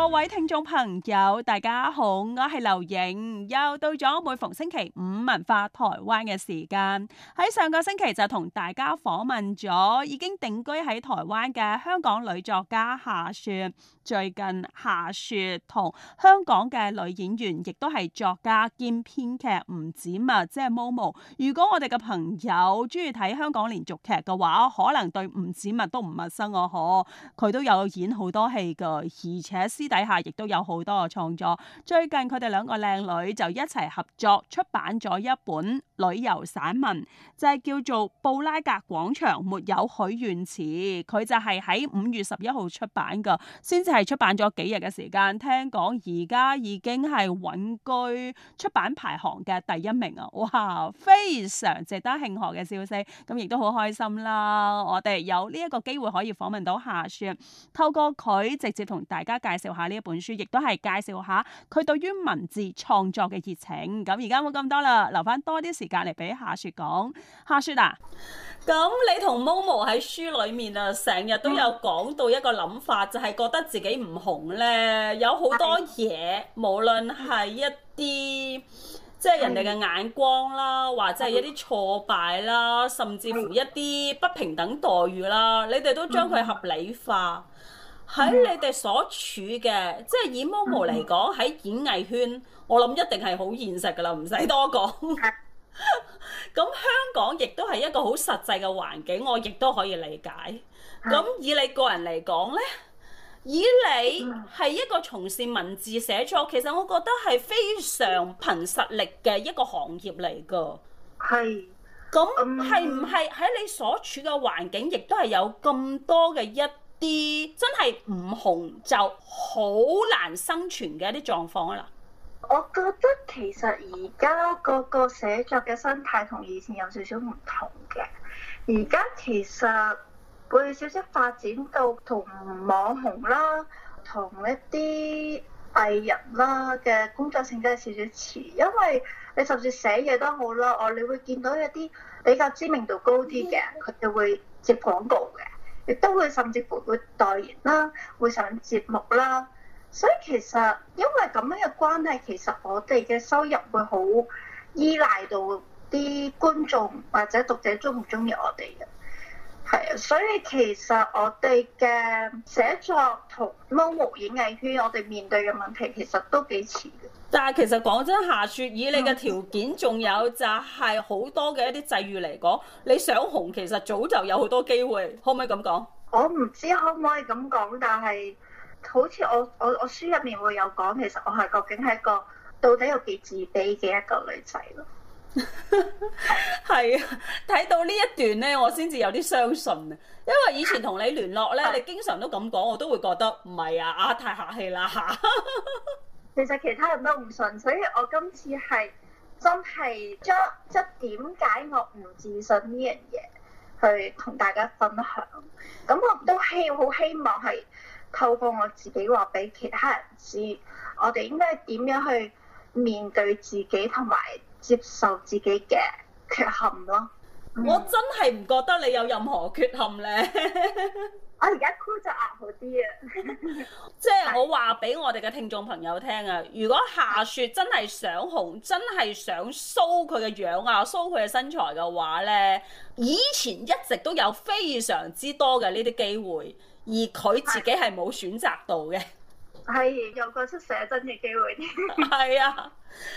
各位聽眾朋友，大家好，我係劉影，又到咗每逢星期五文化台灣嘅時間。喺上個星期就同大家訪問咗已經定居喺台灣嘅香港女作家夏雪。最近夏雪同香港嘅女演員，亦都係作家兼編劇吳子墨，即係 Momo。如果我哋嘅朋友中意睇香港連續劇嘅話，可能對吳子墨都唔陌生，我、啊、哦。佢都有演好多戲噶，而且私底下亦都有好多嘅創作。最近佢哋兩個靚女就一齊合作出版咗一本旅遊散文，就係、是、叫做《布拉格廣場沒有許願池》，佢就係喺五月十一號出版噶，係出版咗幾日嘅時間，聽講而家已經係穩居出版排行嘅第一名啊！哇，非常值得慶賀嘅消息，咁亦都好開心啦！我哋有呢一個機會可以訪問到夏雪，透過佢直接同大家介紹下呢一本書，亦都係介紹下佢對於文字創作嘅熱情。咁而家冇咁多啦，留翻多啲時間嚟俾夏雪講。夏雪啊，咁你同 MoMo 喺書裏面啊，成日都有講到一個諗法，嗯、就係覺得自自己唔紅咧，有好多嘢，無論係一啲即係人哋嘅眼光啦，或者係一啲挫敗啦，甚至乎一啲不平等待遇啦，你哋都將佢合理化。喺你哋所處嘅，即係以 MOMO 嚟講，喺演藝圈，我諗一定係好現實㗎喇，唔使多講。咁香港亦都係一個好實際嘅環境，我亦都可以理解。咁以你個人嚟講呢？以你係一個從事文字寫作，其實我覺得係非常憑實力嘅一個行業嚟㗎。係是。咁係唔係喺你所處嘅環境，亦都係有咁多嘅一啲真係唔紅就好難生存嘅一啲狀況啊？嗱，我覺得其實而家個個寫作嘅生態同以前有少少唔同嘅。而家其實。會少少發展到同網紅啦，同、嗯、一啲藝人啦嘅工作性質係少少似，因為你甚至寫嘢都好啦，我哋會見到一啲比較知名度高啲嘅，佢哋會接廣告嘅，亦都會甚至乎會代言啦，會上節目啦。所以其實因為咁樣嘅關係，其實我哋嘅收入會好依賴到啲觀眾或者讀者鍾唔鍾意我哋嘅。係啊，所以其實我哋嘅寫作同貓毛演藝圈，我哋面對嘅問題其實都幾似嘅。但係其實講真，夏雪以你嘅條件，仲有就係好多嘅一啲際遇嚟講，你想紅，其實早就有好多機會，可唔可以咁講？我唔知可唔可以咁講，但係好似我我我書入面會有講，其實我係究竟係一個到底有幾自卑嘅一個女仔咯。係啊，睇 到呢一段咧，我先至有啲相信啊。因為以前同你聯絡咧，你經常都咁講，我都會覺得唔係啊，啊太客氣啦吓。啊、 其實其他人都唔信，所以我今次係真係即係點解我唔自信呢樣嘢去同大家分享。咁我都希好希望係透過我自己話俾其他人知，我哋應該點樣去面對自己，同埋。接受自己嘅缺陷咯，我真係唔覺得你有任何缺陷咧。 呃、 我而家箍咗牙好啲啊！即係我話俾我哋嘅聽眾朋友聽啊，如果夏雪真係想紅，真係想 show 佢嘅樣啊，show 佢嘅身材嘅話咧，以前一直都有非常之多嘅呢啲機會，而佢自己係冇選擇到嘅的。 係有個出寫真嘅機會，係 啊，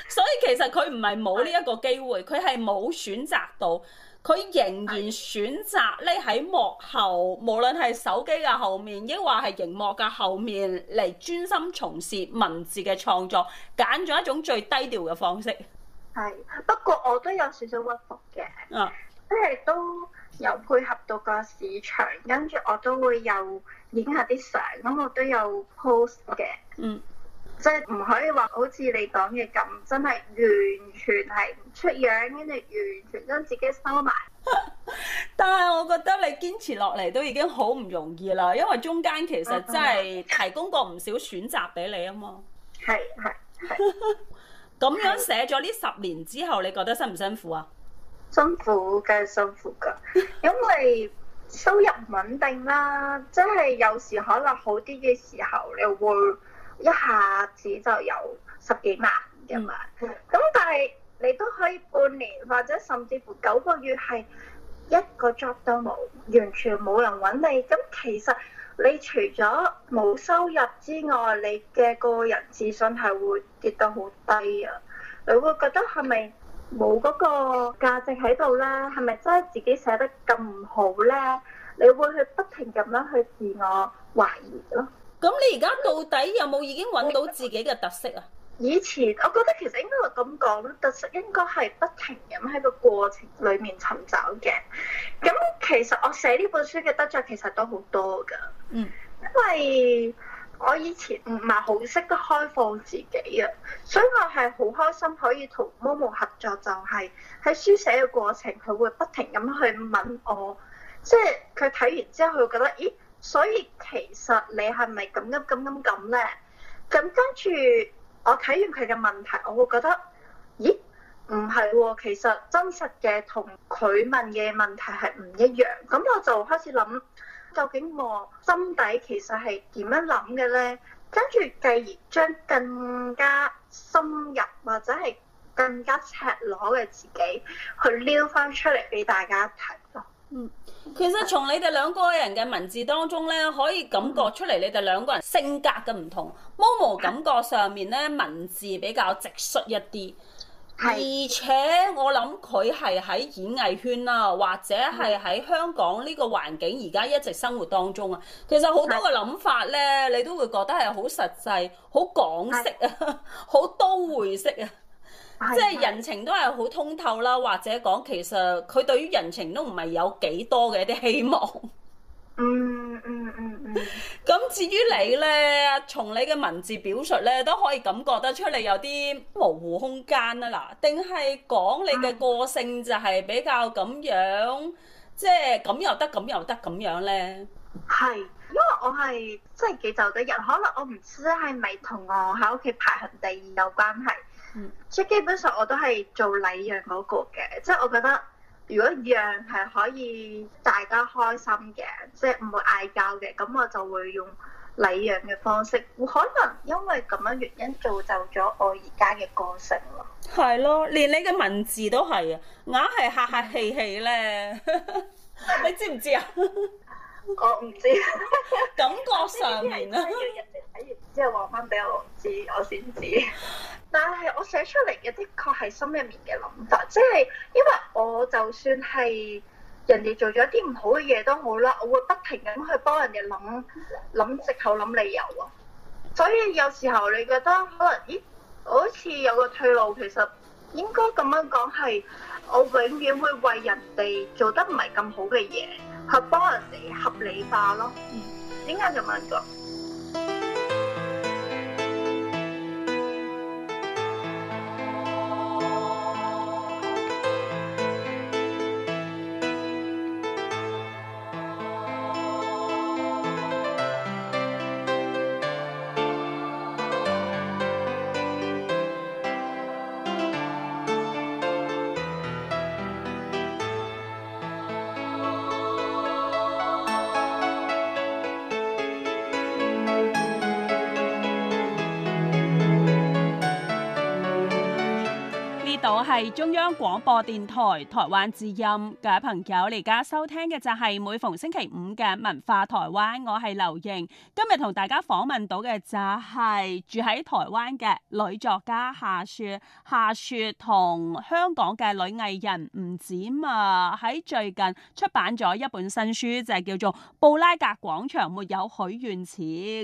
所以其實佢唔係冇呢一個機會，佢係冇選擇到，佢仍然選擇匿喺幕後，是無論係手機嘅後，後面，亦或係熒幕嘅後面嚟專心從事文字嘅創作，揀咗一種最低調嘅方式。係，不過我都有少少屈服嘅，嗯、啊，即係都。又配合到個市場，跟住我都會有影下啲相，咁我都有 post 嘅。嗯。即係唔可以話好似你講嘅咁，真係完全係唔出樣，跟住完全將自己收埋。 但係我覺得你堅持落嚟都已經好唔容易啦，因為中間其實真係提供過唔少選擇俾你啊嘛。係係係。咁樣寫咗呢十年之後，你覺得辛唔辛苦啊？辛苦嘅，辛苦噶，因為收入唔穩定啦。即係有時可能好啲嘅時候，你會一下子就有十幾萬噶嘛。咁但係你都可以半年或者甚至乎九個月係一個 job 都冇，完全冇人揾你。咁其實你除咗冇收入之外，你嘅個人自信係會跌得好低啊！你會覺得係咪？冇嗰個價值喺度咧，係咪真係自己寫得咁好咧？你會去不停咁樣去自我懷疑咯。咁你而家到底有冇已經揾到自己嘅特色啊？以前我覺得其實應該係咁講，特色應該係不停咁喺個過程裡面尋找嘅。咁其實我寫呢本書嘅得着其實都好多㗎。嗯，因為。我以前唔係好識得開放自己啊，所以我係好開心可以同 Momo 合作，就係喺書寫嘅過程，佢會不停咁去問我，即係佢睇完之後佢會覺得，咦，所以其實你係咪咁咁咁咁咧？咁跟住我睇完佢嘅問題，我會覺得，咦，唔係喎，其實真實嘅同佢問嘅問題係唔一樣，咁我就開始諗。究竟我心底其實係點樣諗嘅咧？跟住繼而將更加深入或者係更加赤裸嘅自己去撩翻出嚟俾大家睇咯。嗯，嗯，其實從你哋兩個人嘅文字當中咧，可以感覺出嚟你哋兩個人性格嘅唔同。Momo 感覺上面咧，文字比較直率一啲。是而且我諗佢係喺演藝圈啦、啊，或者係喺香港呢個環境而家一直生活當中啊，其實好多嘅諗法呢，是你都會覺得係好實際、好港式啊、好都會式啊，即係人情都係好通透啦、啊，或者講其實佢對於人情都唔係有幾多嘅一啲希望。嗯嗯嗯嗯，咁至於你咧，從你嘅文字表述咧，都可以感覺得出嚟，有啲模糊空間啊！嗱，定係講你嘅個性就係比較咁樣，即係咁又得，咁又得咁樣咧？係，因為我係即係幾就得人，可能我唔知係咪同我喺屋企排行第二有關係。嗯，即係基本上我都係做禮讓嗰個嘅，即係我覺得。如果讓係可以大家開心嘅，即係唔會嗌交嘅，咁我就會用禮讓嘅方式。可能因為咁樣原因，造就咗我而家嘅個性咯。係咯，連你嘅文字都係啊，硬係客客氣氣咧。 你知唔知啊？我唔知， 感覺上面咯。要人哋睇完之後話翻俾我知，我先知。但係我寫出嚟嘅的確係心入面嘅諗法，即係因為我就算係人哋做咗啲唔好嘅嘢都好啦，我會不停咁去幫人哋諗諗藉口、諗理由喎。所以有時候你覺得可能咦，好似有個退路，其實應該咁樣講係我永遠會為人哋做得唔係咁好嘅嘢去幫人哋合理化咯。嗯，點解咁樣講？係中央廣播電台臺灣之音嘅朋友，而家收聽嘅就係每逢星期五嘅文化臺灣，我係劉瑩。今日同大家訪問到嘅就係、是、住喺臺灣嘅女作家夏雪。夏雪同香港嘅女藝人吳翦啊，喺最近出版咗一本新書，就係、是、叫做《布拉格廣場沒有許願池》。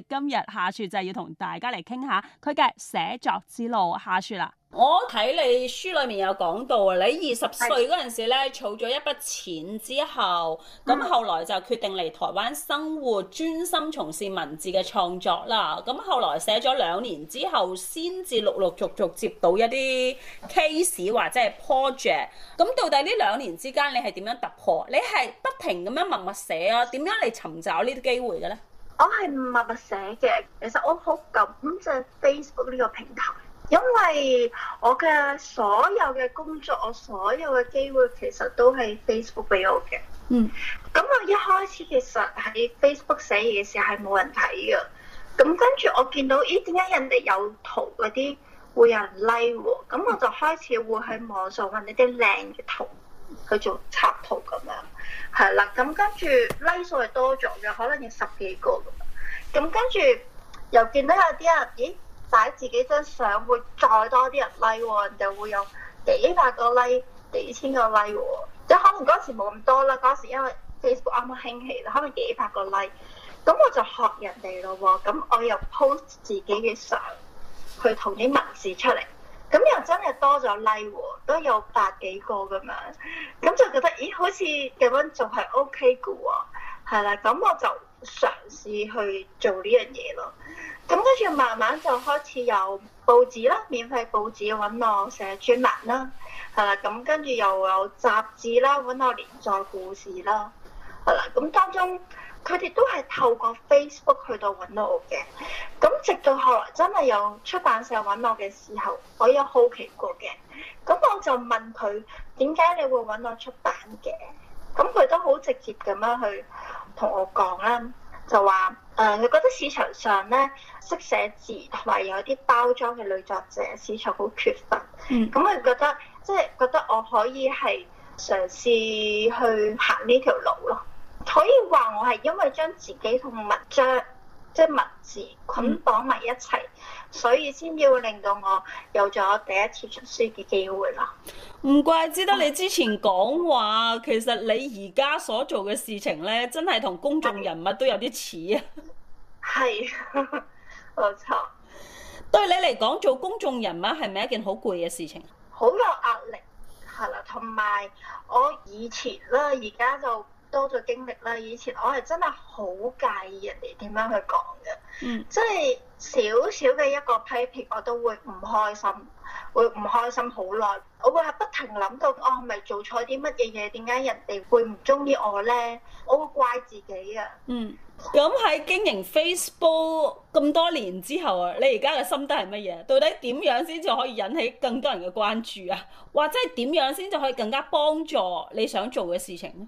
今日夏雪就要同大家嚟傾下佢嘅寫作之路，夏雪啦、啊。我睇你書裏面有講到啊，你二十歲嗰陣時咧，儲咗一筆錢之後，咁、嗯、後來就決定嚟台灣生活，專心從事文字嘅創作啦。咁後來寫咗兩年之後，先至陸陸續續接到一啲 case 或者 project。咁到底呢兩年之間，你係點樣突破？你係不停咁樣默默寫啊？點樣嚟尋找機呢啲機會嘅咧？我係默默寫嘅，其實我好感謝 Facebook 呢個平台。因為我嘅所有嘅工作，我所有嘅機會其實都係 Facebook 俾我嘅。嗯，咁我一開始其實喺 Facebook 寫嘢嘅時候係冇人睇嘅。咁跟住我見到咦？點解人哋有圖嗰啲會有人 like 喎？咁我就開始會喺網上揾一啲靚嘅圖去做插圖咁樣。係啦，咁跟住 like 數係多咗嘅，可能有十幾個咁。咁跟住又見到有啲啊，咦？擺自己張相會再多啲人 like 喎、哦，人就會有幾百個 like、幾千個 like 喎、哦。即可能嗰時冇咁多啦，嗰時因為 Facebook 啱啱興起啦，可能幾百個 like。咁我就學人哋咯喎，咁我又 post 自己嘅相去同啲文字出嚟，咁又真係多咗 like 喎、哦，都有百幾個咁樣。咁就覺得咦，好似咁樣仲係 OK 嘅喎、哦，係啦。咁我就嘗試去做呢樣嘢咯。咁跟住慢慢就開始有報紙啦，免費報紙揾我寫專欄啦，係啦。咁跟住又有雜誌啦，揾我連載故事啦，係啦。咁當中佢哋都係透過 Facebook 去到揾到我嘅。咁直到後來真係有出版社揾我嘅時候，我有好奇過嘅。咁我就問佢點解你會揾我出版嘅？咁佢都好直接咁樣去同我講啦，就話。誒，佢、嗯、覺得市場上咧識寫字同埋有啲包裝嘅女作者，市場好缺乏。咁佢、嗯嗯、覺得，即、就、係、是、覺得我可以係嘗試去行呢條路咯。可以話我係因為將自己同文章。即係文字捆綁埋一齊，嗯、所以先至會令到我有咗第一次出書嘅機會啦。唔怪之得，你之前講話，嗯、其實你而家所做嘅事情咧，真係同公眾人物都有啲似啊。係，冇錯。 錯對你嚟講，做公眾人物係咪一件好攰嘅事情？好有壓力，係啦，同埋我以前咧，而家就。多咗經歷啦，以前我係真係好介意人哋點樣去講嘅，嗯，即係少少嘅一個批評，我都會唔開心，會唔開心好耐，我會係不停諗到我係咪做錯啲乜嘢嘢？點解人哋會唔中意我咧？我會怪自己啊。嗯，咁喺經營 Facebook 咁多年之後啊，你而家嘅心得係乜嘢？到底點樣先至可以引起更多人嘅關注啊？或者係點樣先就可以更加幫助你想做嘅事情呢？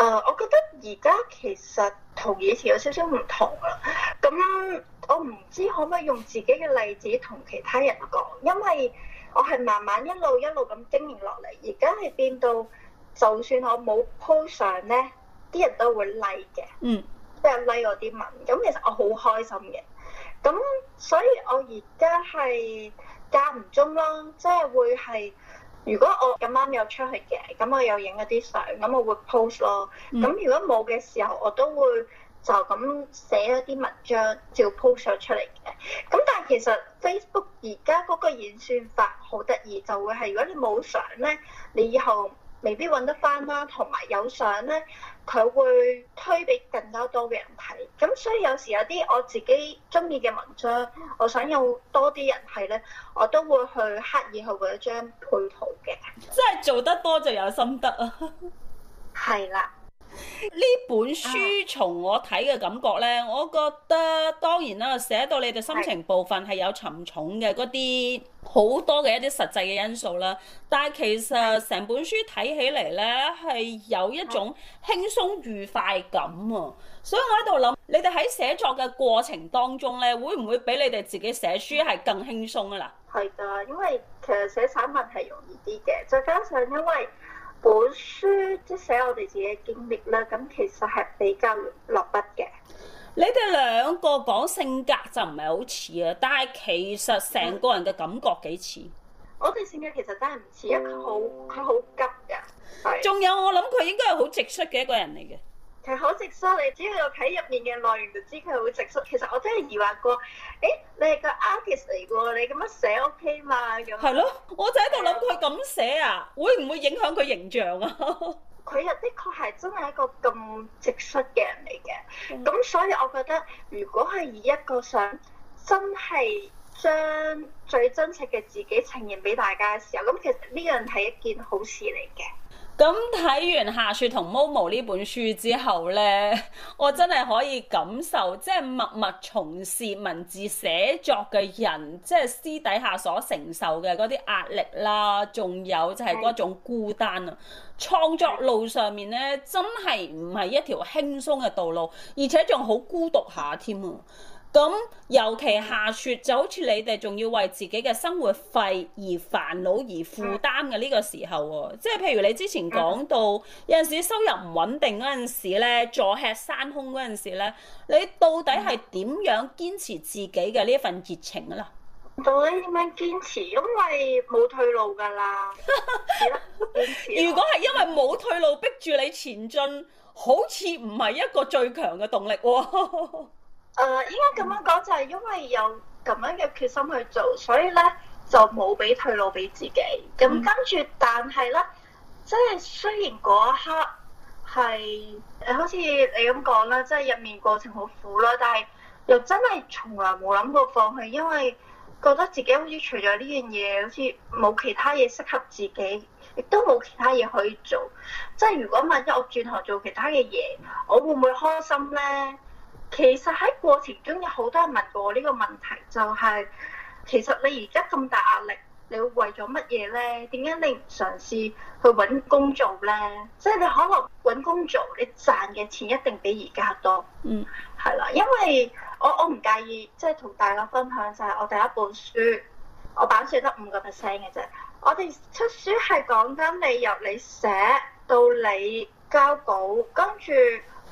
誒，uh，我覺得而家其實同以前有少少唔同啦。咁我唔知可唔可以用自己嘅例子同其他人講，因為我係慢慢一路一路咁經營落嚟，而家係變到就算我冇 po 上相咧，啲人都會 like 嘅，嗯，即係 like 我啲文。咁其實我好開心嘅。咁所以我而家係間唔中咯，即係會係。如果我咁啱有出去嘅，咁我有影一啲相，咁我會 post 咯。咁如果冇嘅時候，我都會就咁寫咗啲文章，照 post 出嚟嘅。咁但係其實 Facebook 而家嗰個演算法好得意，就會係如果你冇相咧，你以後。未必揾得翻啦，啊，同埋有相咧，佢會推俾更加多嘅人睇，咁所以有時有啲我自己中意嘅文章，我想有多啲人睇咧，我都會去刻意去揾張配圖嘅。即係做得多就有心得啊！係 啦。呢本書從我睇嘅感覺呢，我覺得當然啦，寫到你哋心情部分係有沉重嘅嗰啲好多嘅一啲實際嘅因素啦。但係其實成本書睇起嚟呢，係有一種輕鬆愉快感啊！所以我喺度諗，你哋喺寫作嘅過程當中呢，會唔會比你哋自己寫書係更輕鬆啊？嗱，係㗎，因為其實寫散文係容易啲嘅，再加上因為。本書即、就是、寫我哋自己嘅經歷啦，咁其實係比較落筆嘅。你哋兩個講性格就唔係好似啊，但係其實成個人嘅感覺幾似 。我哋性格其實真係唔似，一個好佢好急㗎。係。仲有我諗佢應該係好直率嘅一個人嚟嘅。係好直率，你只要有睇入面嘅內容就知佢會直率。其實我真係疑惑過，誒、欸，你係個 artist 嚟嘅喎，你咁樣寫 OK 嘛？咁係咯，我就喺度諗佢咁寫啊，會唔會影響佢形象啊？佢 又的確係真係一個咁直率嘅人嚟嘅，咁、嗯、所以我覺得，如果係以一個想真係將最真實嘅自己呈現俾大家嘅時候，咁其實呢樣係一件好事嚟嘅。咁睇完《下雪》同《Momo》呢本書之後咧，我真係可以感受，即係默默從事文字寫作嘅人，即係私底下所承受嘅嗰啲壓力啦，仲有就係嗰種孤單啊！創作路上面咧，真係唔係一條輕鬆嘅道路，而且仲好孤獨下添啊！咁尤其下雪，就好似你哋仲要為自己嘅生活費而煩惱而負擔嘅呢個時候喎，即係、嗯、譬如，你之前講到有陣時收入唔穩定嗰陣時咧，坐吃山空嗰陣時咧，你到底係點樣堅持自己嘅呢一份熱情噶啦？到底點樣堅持？因為冇退路噶啦。 如果係因為冇退路逼住你前進，好似唔係一個最強嘅動力喎。誒、呃，應該咁樣講就係、是、因為有咁樣嘅決心去做，所以咧就冇俾退路俾自己。咁跟住，但係咧，即係雖然嗰一刻係誒，好似你咁講啦，即係入面過程好苦啦，但係又真係從來冇諗過放棄，因為覺得自己好似除咗呢樣嘢，好似冇其他嘢適合自己，亦都冇其他嘢可以做。即係如果萬一我轉行做其他嘅嘢，我會唔會開心咧？其實喺過程中有好多人問過我呢個問題，就係其實你而家咁大壓力，你會為咗乜嘢呢？點解你唔嘗試去揾工做呢？即係你可能揾工做，你賺嘅錢一定比而家多。嗯，係啦，因為我我唔介意，即係同大家分享就係我第一本書，我版稅得五個 percent 嘅啫。我哋出書係講緊你由你寫到你交稿，跟住。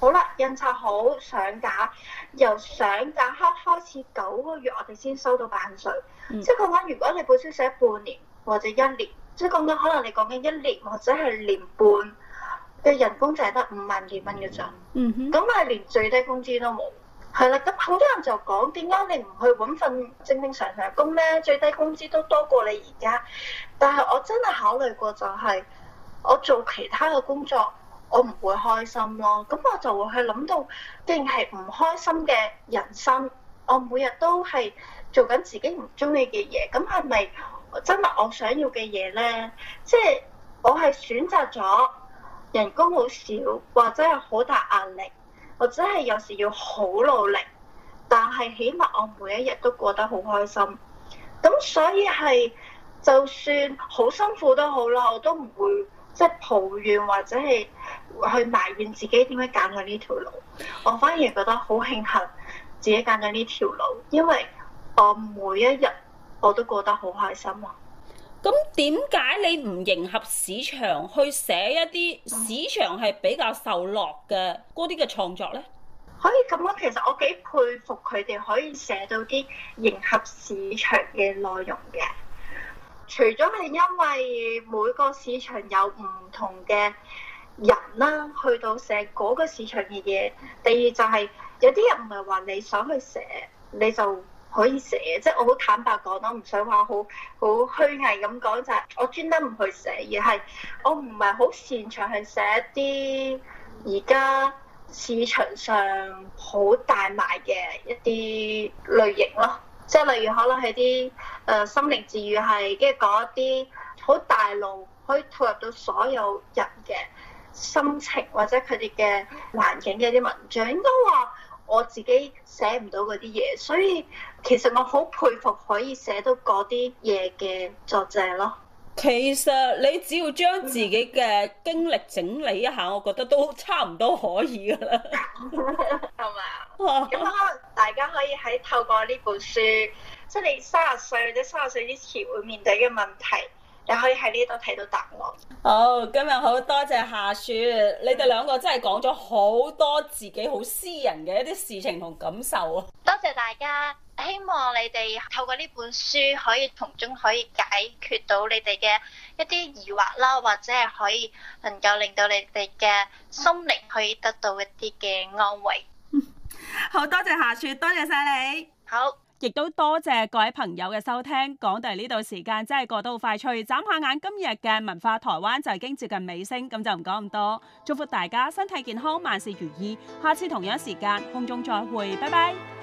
好啦，印刷好上架，由上架刻開始九個月，我哋先收到版稅。即係講緊，如果你本書寫半年或者一年，即係講緊可能你講緊一年或者係年半嘅人工，就係得五萬幾蚊嘅啫。嗯哼，咁係連最低工資都冇。係啦，咁好多人就講，點解你唔去揾份正正常常工咧？最低工資都多過你而家。但係我真係考慮過，就係我做其他嘅工作。我唔會開心咯，咁我就會去諗到，定係唔開心嘅人生。我每日都係做緊自己唔中意嘅嘢，咁係咪真係我想要嘅嘢咧？即係我係選擇咗人工好少，或者係好大壓力，或者係有時要好努力，但係起碼我每一日都過得好開心。咁所以係，就算好辛苦都好啦，我都唔會。即係抱怨或者係去埋怨自己點解揀咗呢條路，我反而覺得好慶幸自己揀咗呢條路，因為我每一日我都過得好開心啊！咁點解你唔迎合市場去寫一啲市場係比較受落嘅嗰啲嘅創作咧？可以咁樣，其實我幾佩服佢哋可以寫到啲迎合市場嘅內容嘅。除咗係因為每個市場有唔同嘅人啦，去到寫嗰個市場嘅嘢。第二就係有啲人唔係話你想去寫，你就可以寫，即係我好坦白講啦，唔想話好好虛偽咁講就係我專登唔去寫，而係我唔係好擅長去寫一啲而家市場上好大賣嘅一啲類型咯。即係例如可能係啲誒心靈治癒系係，跟住講一啲好大路可以套入到所有人嘅心情或者佢哋嘅環境嘅啲文章，應該話我自己寫唔到嗰啲嘢，所以其實我好佩服可以寫到嗰啲嘢嘅作者咯。其實你只要將自己嘅經歷整理一下，我覺得都差唔多可以噶啦，係咪啊？咁可能大家可以喺透過呢本書，即係你三十歲或者三十歲之前會面對嘅問題。你可以喺呢度睇到答案。好，oh, 今日好多謝夏雪，你哋兩個真係講咗好多自己好私人嘅一啲事情同感受啊！多謝大家，希望你哋透過呢本書，可以從中可以解決到你哋嘅一啲疑惑啦，或者係可以能夠令到你哋嘅心靈可以得到一啲嘅安慰。 好多謝夏雪，多謝晒你。好。亦都多謝、謝各位朋友嘅收聽，講到嚟呢度時間真係過到好快脆，眨下眼今日嘅文化台灣就已經接近尾聲，咁就唔講咁多，祝福大家身體健康，萬事如意，下次同樣時間空中再會，拜拜。